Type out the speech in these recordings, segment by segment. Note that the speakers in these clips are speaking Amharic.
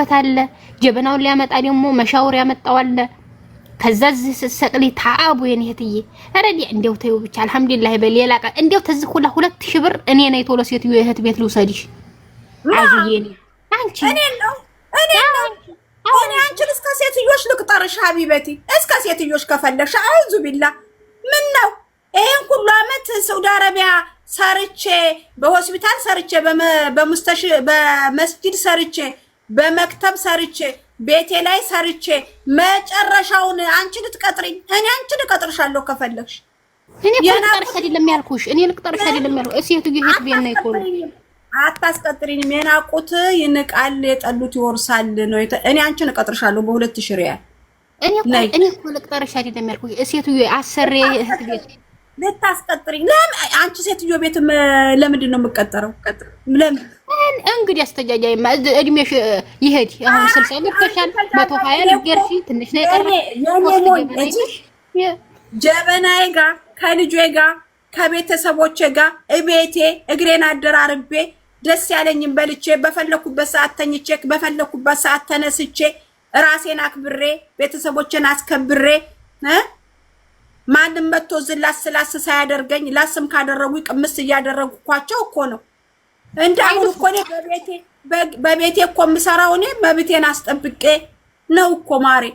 ያመጣበት አለ። ጀበናውን ሊያመጣ ደግሞ መሻወር ያመጣው አለ። ከዛ እዚህ ስትሰቅሊ ታአቡ የኔ እህትዬ፣ ኧረ እንደው ተይው ብቻ አልሐምዱሊላህ። በሌላ ቀን እንደው ተዝ ኩላ ሁለት ሺህ ብር እኔ ነኝ ቶሎ ሴትዮ እህት ቤት ልውሰድሽ። አዙዬ አንቺ እኔ ነው እኔ ነው እኔ አንቺን እስከ ሴትዮሽ ልቅጠርሽ ሀቢበቲ፣ እስከ ሴትዮሽ ከፈለሽ። አውዙ ቢላ ምን ነው ይሄን ሁሉ አመት ሳውዲ አረቢያ ሰርቼ፣ በሆስፒታል ሰርቼ፣ በመስጂድ ሰርቼ በመክተብ ሰርቼ ቤቴ ላይ ሰርቼ መጨረሻውን አንቺ ልትቀጥሪኝ፣ እኔ አንቺ ልቀጥርሻለሁ ከፈለግሽ። እኔ ልቅጠርሽ አይደለም ያልኩሽ፣ እኔ ልቅጠርሽ አይደለም ያልኩሽ። ሴትዮ ሄድ ቤና ይኮሉ አታስቀጥሪኝም። የናቁት ይንቃል፣ የጠሉት ይወርሳል ነው። እኔ አንቺ እቀጥርሻለሁ በሁለት ሺህ ሪያል። እኔ እኮ ልቅጠርሽ አይደለም ያልኩሽ ሴትዮ አሰሬ እህት ቤት ልታስቀጥሪኝ አንቺ ሴትዮ ቤት ለምንድን ነው የምቀጠረው? እንግዲህ አስተጃጃይ እድሜሽ ይሄድ። አሁን ስልሳ ገብተሻል፣ መቶ ሀያ ልትገርሺ ትንሽ ነው የቀረሽ። ጀበናዬ ጋር ከልጄ ጋር ከቤተሰቦቼ ጋር እቤቴ እግሬን አደራርቤ ደስ ያለኝን በልቼ በፈለኩበት ሰዓት ተኝቼ በፈለኩበት ሰዓት ተነስቼ ራሴን አክብሬ ቤተሰቦቼን አስከብሬ ማንም መጥቶ ዝ ላስ ላስ ሳያደርገኝ ላስም ካደረጉ ቅምስ እያደረጉኳቸው እኮ ነው። እንዳሁን እኮ እኔ በቤቴ በቤቴ እኮ የምሰራው እኔ መብቴን አስጠብቄ ነው እኮ ማሬ።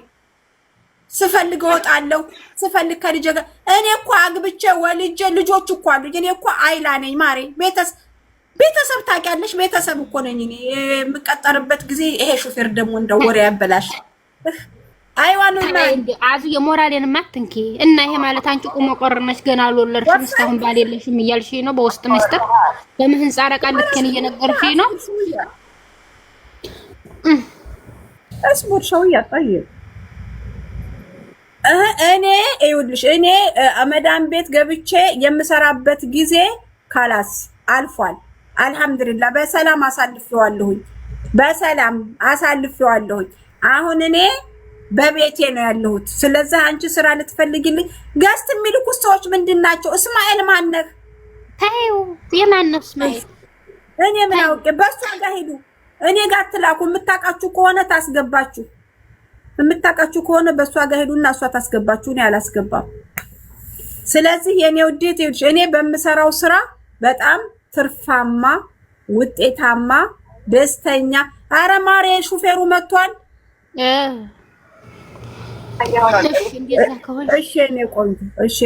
ስፈልግ እወጣለሁ፣ ስፈልግ ከልጄ ጋር እኔ እኮ አግብቼ ወልጄ ልጆች እኮ አሉኝ። እኔ እኮ አይላ ነኝ ማሬ። ቤተሰብ ታውቂያለሽ፣ ቤተሰብ እኮ ነኝ እኔ የምቀጠርበት ጊዜ። ይሄ ሹፌር ደግሞ እንደወሬ ያበላሽ አይዋኑ አዙ የሞራሌን ማትንኪ እና ይሄ ማለት አንቺ ቁሞ ቆርነሽ ገና አልወለድሽም እስካሁን ባል የለሽም እያልሽ ነው። በውስጥ መስጠት በምህንጻረ ቃል ልትከን እየነገርሽ ነው። እስቦር ሻው ያጣየ እኔ ይኸውልሽ እኔ መዳም ቤት ገብቼ የምሰራበት ጊዜ ካላስ አልፏል። አልሐምድሊላህ በሰላም አሳልፌዋለሁኝ። በሰላም አሳልፌዋለሁኝ። አሁን እኔ በቤቴ ነው ያለሁት። ስለዚህ አንቺ ስራ ልትፈልግልኝ ገስት የሚልኩ ሰዎች ምንድን ናቸው? እስማኤል ማነህ? ተይው፣ የማነው እስማኤል? እኔ ምን አውቄ። በእሷ ጋር ሄዱ። እኔ ጋር ትላኩ። የምታውቃችሁ ከሆነ ታስገባችሁ፣ የምታውቃችሁ ከሆነ በእሷ ጋር ሄዱና እሷ ታስገባችሁ። እኔ አላስገባም። ስለዚህ የእኔ ውዴት ይኸውልሽ፣ እኔ በምሰራው ስራ በጣም ትርፋማ፣ ውጤታማ፣ ደስተኛ። አረ ማሬ ሹፌሩ መጥቷል። እሺ ቆንጆ፣ እሺ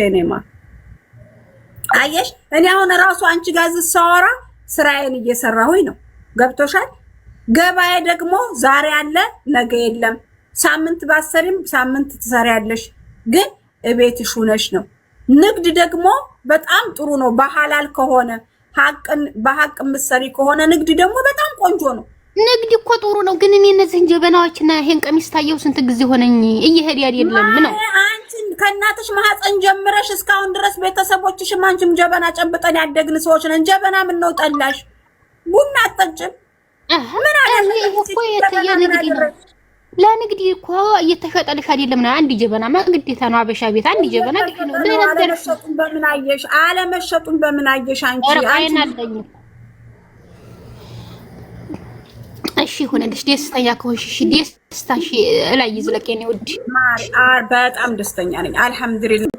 አየሽ፣ እኔ አሁን እራሱ አንቺ ጋር ዝሳወራ ስራዬን እየሰራሁኝ ነው። ገብቶሻል። ገበያ ደግሞ ዛሬ አለ ነገ የለም። ሳምንት ባሰሪም ሳምንት ትሰሪያለሽ፣ ግን እቤትሽ ሁነሽ ነው። ንግድ ደግሞ በጣም ጥሩ ነው፣ በሐላል ከሆነ ሐቅን በሐቅ የምትሰሪ ከሆነ ንግድ ደግሞ በጣም ቆንጆ ነው። ንግድ እኮ ጥሩ ነው፣ ግን እኔ እነዚህን ጀበናዎችና ይሄን ቀሚስ ታየው ስንት ጊዜ ሆነኝ እየሄድ አይደለም ነው። አንቺን ከእናትሽ ማህፀን ጀምረሽ እስካሁን ድረስ ቤተሰቦችሽም አንቺም ጀበና ጨብጠን ያደግን ሰዎች ነን። ጀበና ምን ነው ጠላሽ? ቡና አትጠጭም? ምን አለ እኮ የንግድ ነው። ለንግድ እኮ እየተሸጠልሽ አይደለም ነው። አንድ ጀበና ማ ግዴታ ነው። አበሻ ቤት አንድ ጀበና ግዴታ ነው። በምን አየሽ? አለመሸጡን በምን አየሽ? አንቺ አይናለኝ እኮ እሺ ይሁንልሽ። ደስተኛ ከሆንሽ እሺ፣ ደስታሽ ላይ ይዝለቅ የኔ ውድ። በጣም ደስተኛ ነኝ፣ አልሐምዱሊላህ።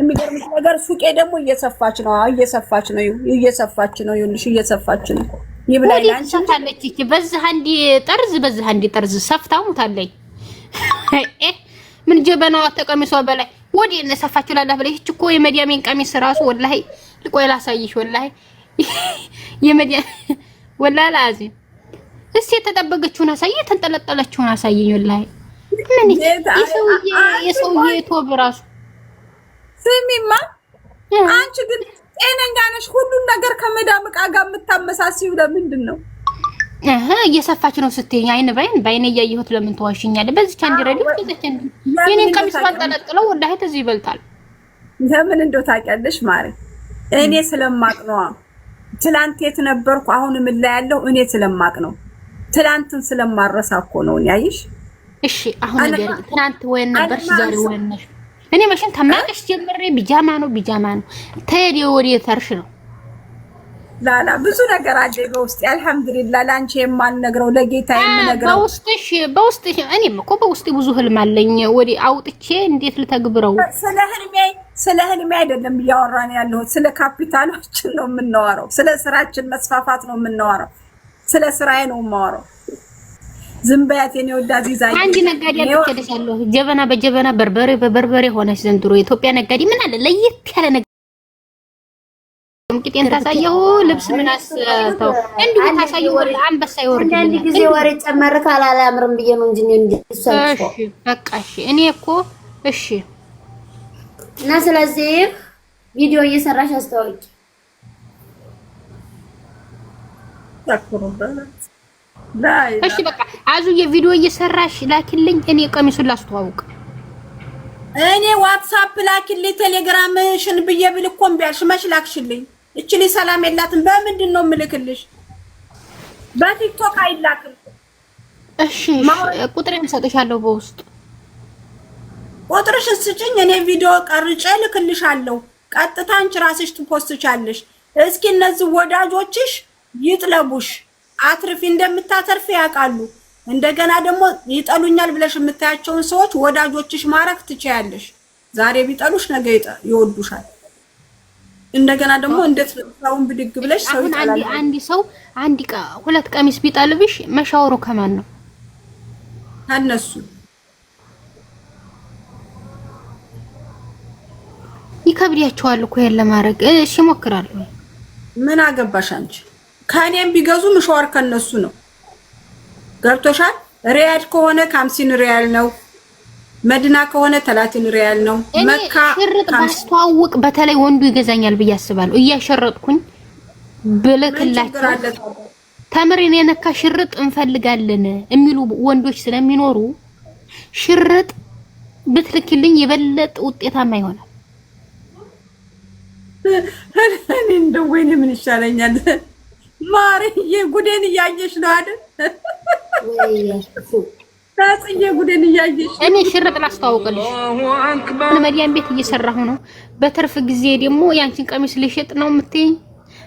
የሚገርምሽ ነገር ሱቄ ደግሞ እየሰፋች ነው፣ እየሰፋች ነው፣ እየሰፋች ነው፣ ይኸውልሽ እየሰፋች ነው። ይብላል አንቺ ሰፋለች። እቺ በዚህ አንድ ጠርዝ፣ በዚህ አንድ ጠርዝ ሰፍታው ሙታለች። ምን ጀበናዋ ተቀሚሷ በላይ ወዲ እነሰፋችሁ ላላ ብለሽ እቺ እኮ የመዲያሜን ቀሚስ ራሱ ወላሂ ልቆይ ላሳይሽ፣ ወላሂ የመዲያ ወላሂ አዚም እስቲ የተጠበቀችውን አሳየ፣ የተንጠለጠለችውን አሳየኝ። ላይ ምን የሰውዬ የሰውዬ ቶብ ራሱ ስሚማ። አንቺ ግን ጤነኛ ነሽ? ሁሉን ነገር ከመዳም ዕቃ ጋር የምታመሳሲው ለምንድን ነው? እየሰፋች ነው ስትይኝ፣ አይን ባይን ባይን እያየሁት ለምን ተዋሽኛለህ? በዚች አንድ ረድፍ የኔን ቀሚስ ባንጠለጥለው ወላሂ ተዚህ ይበልጣል። ለምን እንደው ታውቂያለሽ ማሪ፣ እኔ ስለማቅ ነው። ትላንት የት ነበርኩ አሁን ምን ላይ ያለው እኔ ስለማቅ ነው። ትላንትን ስለማረሳ እኮ ነው ያይሽ። እሺ አሁን ነገር ትናንት ወይን ነበርሽ፣ ዛሬ ወይን ነሽ። እኔ መቼም ከማቀሽ ጀምሬ ቢጃማ ነው ቢጃማ ነው ተዲ ወዲ ተርሽ ነው ላላ ብዙ ነገር አለ በውስጥ አልሐምዱሊላ። ላንቺ የማልነግረው ለጌታ የምነግረው በውስጥሽ በውስጥሽ። እኔም እኮ በውስጤ ብዙ ህልም አለኝ። ወዲ አውጥቼ እንዴት ልተግብረው? ስለ ህልሜ ስለ ህልሜ አይደለም እያወራን ያለሁት ስለ ካፒታሎችን ነው የምናወራው። ስለ ስራችን መስፋፋት ነው የምናወራው። ስለ ስራዬ ነው የማወራው። ዝም በያት የኔ ወዳጅ። ይዛ አንድ ነጋዴ አትከደሻለሁ። ጀበና በጀበና በርበሬ በበርበሬ ሆነች ዘንድሮ የኢትዮጵያ ነጋዴ። ምን አለ ለየት ያለ ነገር ቂጤን ታሳየው፣ ልብስ ምን አስተው እንዲሁ ታሳየው። ወሬ አንበሳ ይወርድ አንድ ጊዜ ወሬ ጨመር ካላላ አምርም ብዬ ነው እንጂ እንዴ። እሺ በቃ እሺ፣ እኔ እኮ እሺ። እና ስለዚህ ቪዲዮ እየሰራሽ አስተዋውቂ እሺ በቃ አዙዬ ቪዲዮ እየሰራሽ ላኪልኝ። እኔ ቀሚሱን ላስተዋውቅ። እኔ ዋትሳፕ ላኪልኝ፣ ቴሌግራምሽን ብዬ ብልክ እኮ እምቢ አልሽ። መች ላክሽልኝ? እችሊ ሰላም የላትም። በምንድን ነው የምልክልሽ? በቲክቶክ አይላክም። እሺ ቁጥሬን እሰጥሻለሁ በውስጥ ቁጥርሽን ስጭኝ። እኔ ቪዲዮ ቀርጬ ልክልሻለሁ። ቀጥታ አንቺ ራስሽ ትፖስቻለሽ። እስኪ እነዚህ ወዳጆችሽ ይጥለቡሽ። አትርፊ እንደምታተርፊ ያውቃሉ። እንደገና ደግሞ ይጠሉኛል ብለሽ የምታያቸውን ሰዎች ወዳጆችሽ ማረግ ትችያለሽ። ዛሬ ቢጠሉሽ ነገ ይወዱሻል። እንደገና ደግሞ እንዴት ሰውን ብድግ ብለሽ ሰው ይጠላል። አንድ ሰው አንድ ቃ ሁለት ቀሚስ ቢጠልብሽ መሻወሩ ከማን ነው? ከነሱ ይከብዳቸዋል እኮ ለማድረግ። እሺ ይሞክራሉ። ምን አገባሽ አንቺ ከእኔም ቢገዙ ምሸዋር ከነሱ ነው። ገብቶሻል? ሪያድ ከሆነ ካምሲን ሪያል ነው። መድና ከሆነ ተላቲን ሪያል ነው። መካ ሽርጥ ባስተዋውቅ በተለይ ወንዱ ይገዛኛል ብዬ አስባለሁ። እያሸረጥኩኝ ብልክላቸው ተምሬን የነካ ሽርጥ እንፈልጋለን የሚሉ ወንዶች ስለሚኖሩ ሽርጥ ብትልኪልኝ የበለጠ ውጤታማ ይሆናል። እኔ እንደው ወይኔ ምን ይሻለኛል? ማርዬ ጉዴን እያየሽ ነው አይደል? ታጽዬ ጉዴን እያየሽ እኔ ሽርጥ ላስተዋውቅልሽ መዲያን ቤት እየሰራሁ ነው። በትርፍ ጊዜ ደግሞ ያንቺን ቀሚስ ልሸጥ ነው የምትይኝ?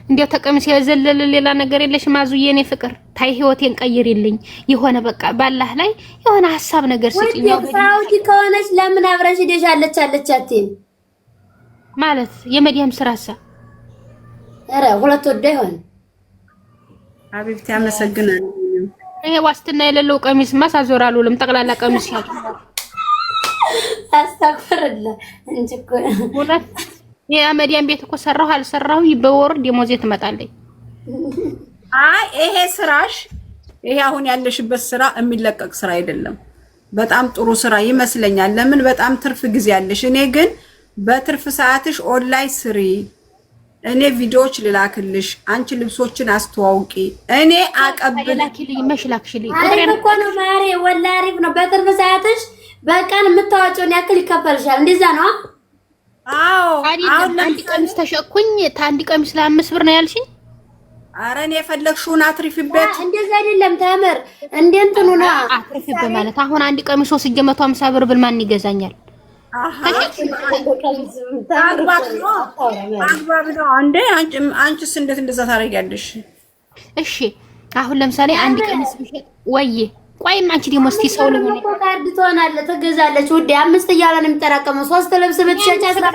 እንዲያው ተቀሚስ ያዘለለ ሌላ ነገር የለሽም። አዙዬ እኔ ፍቅር ታይ ህይወቴን ቀይርልኝ። የሆነ በቃ ባላህ ላይ የሆነ ሀሳብ ነገር ስጪኝ። ፍራውቲ ከሆነች ለምን አብረሽ ሄደሽ አለች አለች ማለት የመዲያም ስራሳ ኧረ ሁለት ወደ ይሆን ሀቢብቲ አመሰግናለሁ። ይሄ ዋስትና የሌለው ቀሚስ ማሳዞር አልውልም። ጠቅላላ ቀሚስ ያሉ አስተፈረለ እንጂ እኮ የአመዲያን ቤት እኮ ሰራሁ አልሰራሁ በወር ደሞዜ ትመጣለች። አይ ይሄ ስራሽ ይሄ አሁን ያለሽበት ስራ የሚለቀቅ ስራ አይደለም። በጣም ጥሩ ስራ ይመስለኛል። ለምን በጣም ትርፍ ጊዜ አለሽ። እኔ ግን በትርፍ ሰዓትሽ ኦንላይን ስሪ እኔ ቪዲዮዎች ልላክልሽ፣ አንቺ ልብሶችን አስተዋውቂ። እኔ አቀብል መሽላክሽልኝ እኮ ነው ማሬ፣ ወላሂ አሪፍ ነው። በቅርብ ሰዓትሽ በቀን የምታዋጭውን ያክል ይከፈልሻል። እንደዛ ነው። አዎ፣ አንድ ቀሚስ ተሸኩኝ። አንድ ቀሚስ ለአምስት ብር ነው ያልሽኝ። ኧረ እኔ የፈለግሽውን አትሪፊበት። እንደዛ አይደለም ተምር፣ እንደ እንትኑ ነው አትሪፊበት ማለት። አሁን አንድ ቀሚስ ወስጄ መቶ ሀምሳ ብር ብል ማን ይገዛኛል? አግባብ ነው አንቺስ እንዴት እንደዛ ታደርጊያለሽ? እሺ አሁን ለምሳሌ አንድ ቀሚስ ብሸጥ ወይ ቆይም አንቺ ደግሞ እስቲ ሰው ለምን ካርድ ትሆናለህ ትገዛለች። ውዴ አምስት እያለ ነው የሚጠራቀመው። ሶስት ልብስ ብትሸጪ አስራ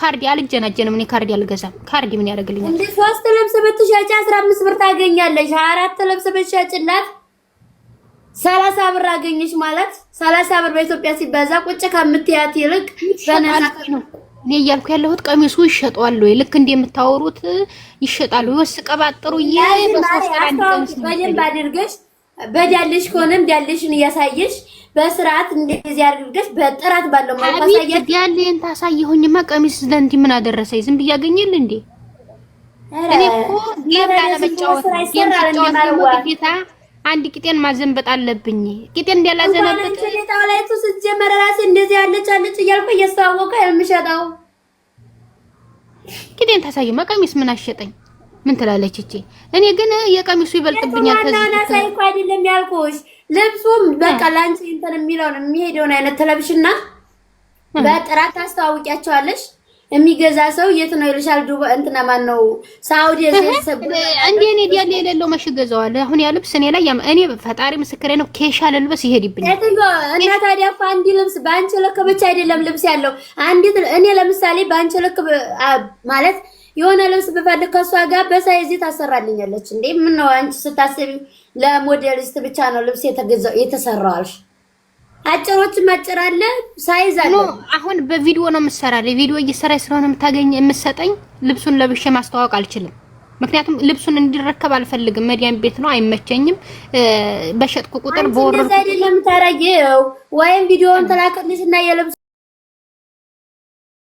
ካርድ አልጀናጀንም። እኔ ካርድ አልገዛም። ካርድ ምን ያደርግልኛል? ሶስት ልብስ ብትሸጪ አስራ አምስት ብር ታገኛለሽ አራት ልብስ ብትሸጪላት ሰላሳ ብር አገኘች ማለት ሰላሳ ብር በኢትዮጵያ ሲበዛ ቁጭ ከምትያት ይልቅ እኔ እያልኩ ያለሁት ቀሚሱ ይሸጧል ወይ? ልክ እንደምታወሩት ይሸጣል ወይ? ወስቀ ባጥሩ በደንብ አድርገሽ በዳልሽ ከሆነም ዳልሽን እያሳየሽ በስርዓት እንደዚህ አድርገሽ በጥራት ባለው ማሳያ ዳሌን ታሳየሁኝማ። ቀሚስ ዘንድ ምን አደረሰኝ? ዝም ብዬ አገኘል እንዴ? እኔ እኮ ጌም ላለመጫወት ጌም ሲጫወት ደግሞ ግዴታ አንድ ቂጤን ማዘንበጥ አለብኝ። ቂጤን እንዲያላዘነበት ታውላይቱ ስትጀመረ ራሴ እንደዚህ አለች እያልኩ እያስተዋወቀ የምሸጠው ቂጤን ታሳየማ። ቀሚስ ምን አሸጠኝ? ምን ትላለች እቺ? እኔ ግን የቀሚሱ ይበልጥብኛል። ታዛና ሳይኮ አይደለም ያልኩሽ፣ ልብሱም በቃ ላንቺ እንትን የሚለውን የሚሄደውን አይነት በጥራት ታስተዋውቂያቸዋለሽ። የሚገዛ ሰው የት ነው ይልሻል። ዱባ እንትና ማን ነው ሳውዲ ዘሰብ እንዴ እኔ ዲያል የሌለው መሽ ገዛዋል። አሁን ያ ልብስ እኔ ላይ እኔ ፈጣሪ ምስክሬ ነው። ኬሻ ለልብስ ይሄድብኛል። እና ታዲያ አንድ ልብስ በአንቺ ልክ ብቻ አይደለም ልብስ ያለው አንዲት እኔ ለምሳሌ በአንቺ ልክ ማለት የሆነ ልብስ ብፈልግ ከሷ ጋር በሳይዝ ታሰራልኛለች። እንዴ ምን ነው አንቺ ስታስቢ ለሞዴሊስት ብቻ ነው ልብስ የተገዛው የተሰራው አልሽ አጭሮች አጭር አለ ሳይዝ አለ። አሁን በቪዲዮ ነው የምሰራለ ቪዲዮ እየሰራች ስለሆነ የምታገኝ የምሰጠኝ ልብሱን ለብሼ ማስተዋወቅ አልችልም። ምክንያቱም ልብሱን እንዲረከብ አልፈልግም። መዲያም ቤት ነው አይመቸኝም። በሸጥኩ ቁጥር በወረደ አይደለም ታረጊው ወይም ቪዲዮውን ተላከልሽና የልብሱ